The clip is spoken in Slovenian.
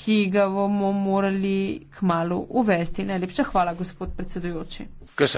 ki ga bomo morali k malu uvesti. Najlepša hvala, gospod predsedujoči.